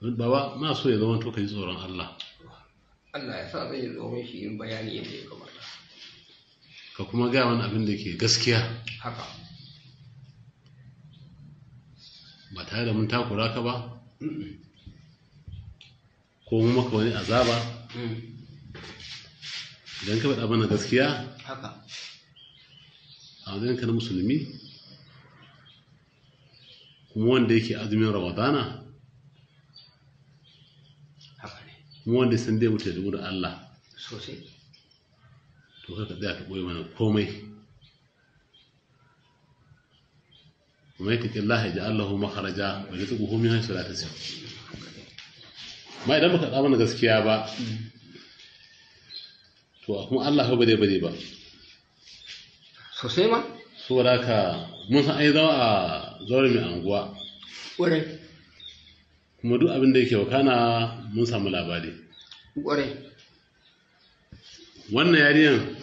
baba na so ya zama to ka tsoron Allah Allah ya sa zai yi shi yin bayani yadda ya kamata ka kuma gaya wani abin da ke gaskiya haka ba tare da mun takura ka ba ko mu maka wani azaba idan ka faɗa mana gaskiya haka a wajen ka na musulmi kuma wanda yake azumin ramadana wanda sun dai mutu da Allah to kaka tsaya ka ɓoye mana komai kuma yake kin lahi ji Allah haraja, bai da tsugu homin hanshi ta sai ma idan baka tsamun na gaskiya ba to kuma Allah ba dai bade ba sosai ma da ka mun san ai zama a zaure mai anguwa ƙwarai kuma duk abin da yake wakana mun samu labari Ƙware. wannan yariyan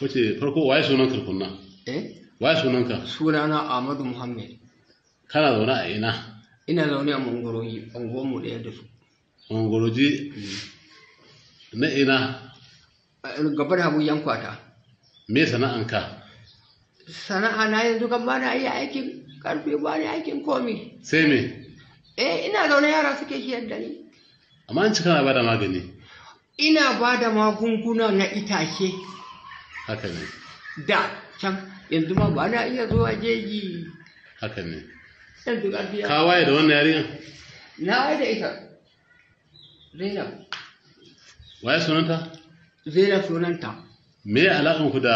wace farko waye sunan karkunna eh waye sunanka sunana Ahmadu Muhammad kana zaune a ina ina zaune a Mangoroji unguwar mu ɗaya da su Mangoroji mm. na ina gabar Habu yankwata me sana'anka sana'a na yanzu kan ba na iya aikin karfi ba ni aikin komi sai me eh ina zaune yara suke shiyar da ni amma an ci kana bada magani ina bada magunguna na itace haka ne da can yanzu ma ba na iya zuwa jeji haka ne yanzu karfi ka waye da wannan yarinya na waye da ita Zainab. Waye sunanta? Zainab sunanta. Me alaƙanku da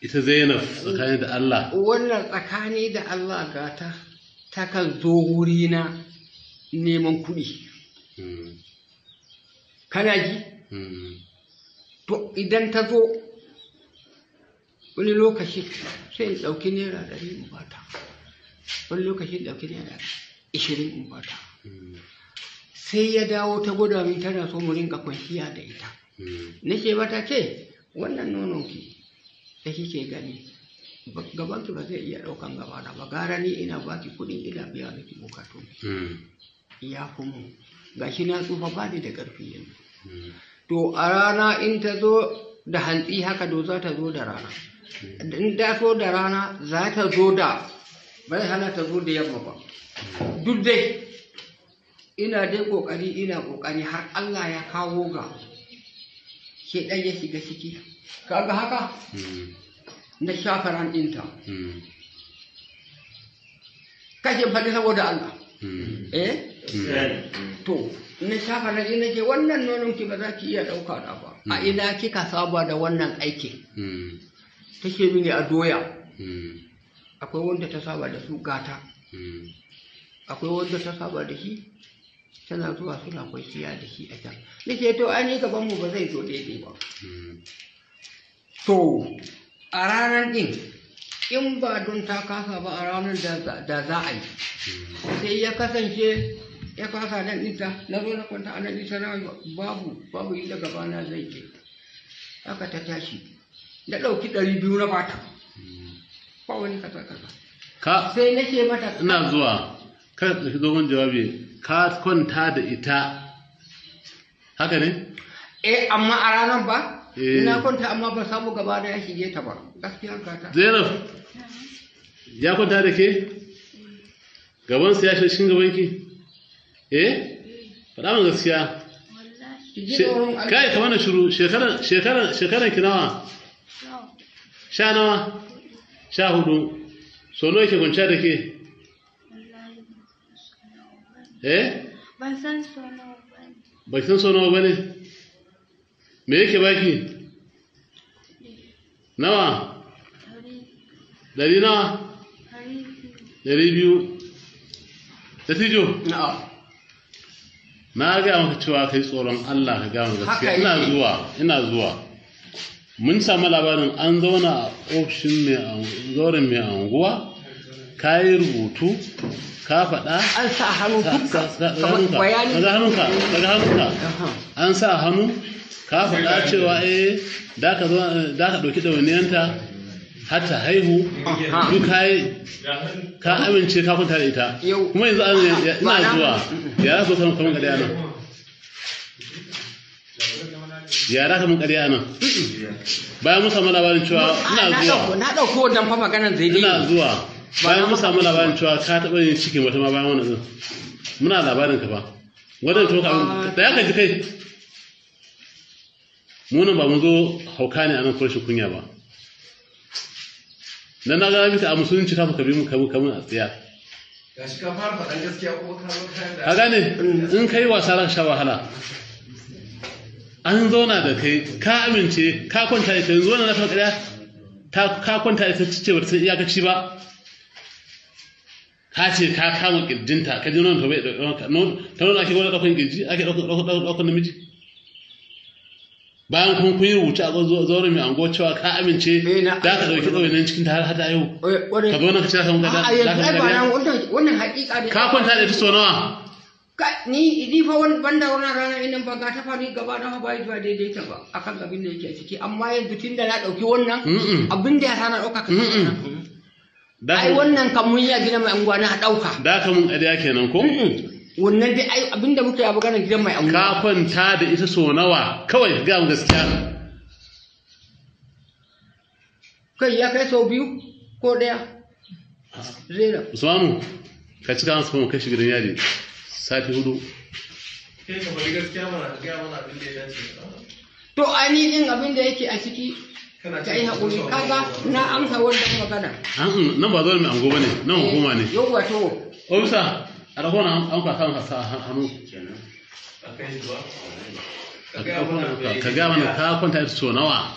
ita zainab tsakani da Allah wannan tsakani da Allah ga ta takan zo wurina na neman kuɗi hmm. kana ji hmm. to idan ta zo wani lokaci sai in ɗauki naira ɗari in bata wani lokaci in ɗauki naira ishirin in bata hmm. sai ya dawo ta gwada min tana so mu rinka kwanciya da ita nake mata ce wannan nonon ki da kike gani gaban ki ba zai iya daukan gaba na ba gara ni ina baki kudin ina biya miki bukatu hmm. ya kuma gashi na tsufa ba ni da karfi yanzu hmm. to a rana in ta zo da hantsi haka do za ta zo da rana hmm. in ta zo da rana za ta zo da bai hana ta zo da yamma ba duk dai ina dai kokari ina kokari har Allah ya kawo ga shedan ya shiga ciki kaga haka hmm. na shafaran ɗinta hmm. kashe faɗi saboda Allah hmm. eh to na shafa na na ce wannan nonon ki ba za ki iya ɗauka da ba a ina kika saba da wannan aikin ta ce mini a doya akwai wanda ta saba da su gata akwai wanda ta saba da shi tana zuwa suna kwanciya da shi a can nake to an yi gaban mu ba zai zo daidai ba hmm. to a ranar din in ba don ta kasa ba a ranar da za a yi hmm. sai ya kasance ya kasa nan ita na zo na kwanta a nan ita na babu babu inda gaba na zai ke haka ta tashi na ɗauki ɗari biyu na bata hmm. ba wani kasa kasa sai nake mata ina zuwa ka zo jawabi ka kwanta da ita haka ne eh amma a ranar ba ina eh. kwanta amma ba samu gaba da ya shige ta ba gaskiya ka ta zainab ya kwanta da ke gaban ya shi cikin gaban ki eh faɗa ma gaskiya kai kamar na shiru shekaran kinawa? ki nawa sha nawa sha hudu so nawa ke kwanciya da ke eh ban san so nawa ba ne? me yake baki nawa dari nawa dari biyu da tijo na ga maka cewa kai tsoron Allah ka gama gaskiya ina zuwa ina zuwa mun samu labarin an zauna a ofishin mai anguwa mai yi kayi rubutu ka faɗa an sa hannu dukka daga hannunka daga hannunka an sa hannu ka faɗa cewa eh da ka ɗauki ɗawainiyanta har ta haihu duk ka amince ka kwanta da ita kuma yanzu an ina zuwa yara so samun kamar ƙarya nan ya yara mun ƙarya nan bayan mun samu labarin cewa ina zuwa na ɗauko dan fa maganar zai ina zuwa bayan mun samu labarin cewa ka taɓa yin cikin wata ma bayan wani din muna labarin ka ba wadda to ka da ya ji kai mu nan ba mun zo hauka ne a nan kurshin kunya ba na na gara mita a musulunci kafa kabi mu kabu kamun a tsiya A ka ka gane in kai wasa ran sha wahala an zauna da kai ka amince ka kwanta ita yanzu wannan na ta ka kwanta ita ce ba ta iyakaci ba ka ce ka kama kirjinta ka ji nonon ta bai ɗauka nonon ta nonon ake gwada ɗaukan kirji ake ɗaukan namiji bayan kun kun yi rubuce a zauren mai ango cewa ka amince da ka ɗauki nan cikin ta har hada yau eh, ka zo nan ka ce ka muka da ka wannan hakika ne ka kwanta da ita so nawa ni ni fa wani banda wannan rana inan ba ta faru gaba na ba zuwa daidai ta ba akan abin da yake ciki amma yanzu tun da na ɗauki wannan abin da ya sana ɗauka ka ai wannan kan mun yi a gidan mai anguwa na ɗauka da ka mun ƙarya kenan ko wannan dai ai abinda muke a maganar gidan mai anguwa ka kwanta da ita so nawa kawai ga mu gaskiya kai ya kai sau biyu ko ɗaya zera usmanu ka cika masu kuma kashi gidan yari sati hudu to ani din abin da yake a ciki ka yi haƙuri kaga na amsa wannan magana nan ba zuwa mai ango ba ne nan hukuma ne yau wato ofisa a rahon an kwasa an hasa hannu ka gaya mana ka kwanta ita so nawa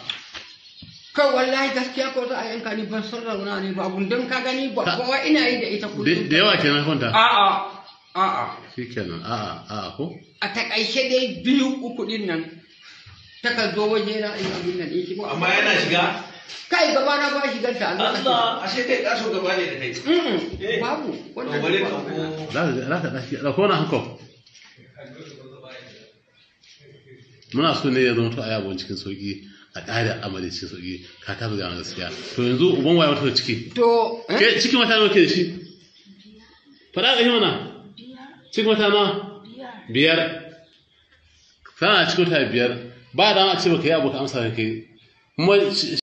kai wallahi gaskiya ko za a yanka ni ban san rauna ne ba don ka gani ba kowa ina yi da ita kudu da yawa kenan kwanta a'a a'a shikenan a'a a'a ko a takaice dai biyu uku din nan takan zo waje na in abin nan in eh, shigo amma yana shiga kai gaba na ba shigan ta Allah ashe kai kaso gaba ne da kai eh. babu wanda ba ne ka ko da ko na muna so ne ya zama ta ayabon cikin sauki a ƙarin amali cikin sauki ka ta zuga gaskiya to yanzu uban waya wata ciki to eh? ke cikin wata nawa ke da shi fara ga himana cikin wata ma biyar tana cikin wata biyar ba da a ce baka yi abu ka amsa da kai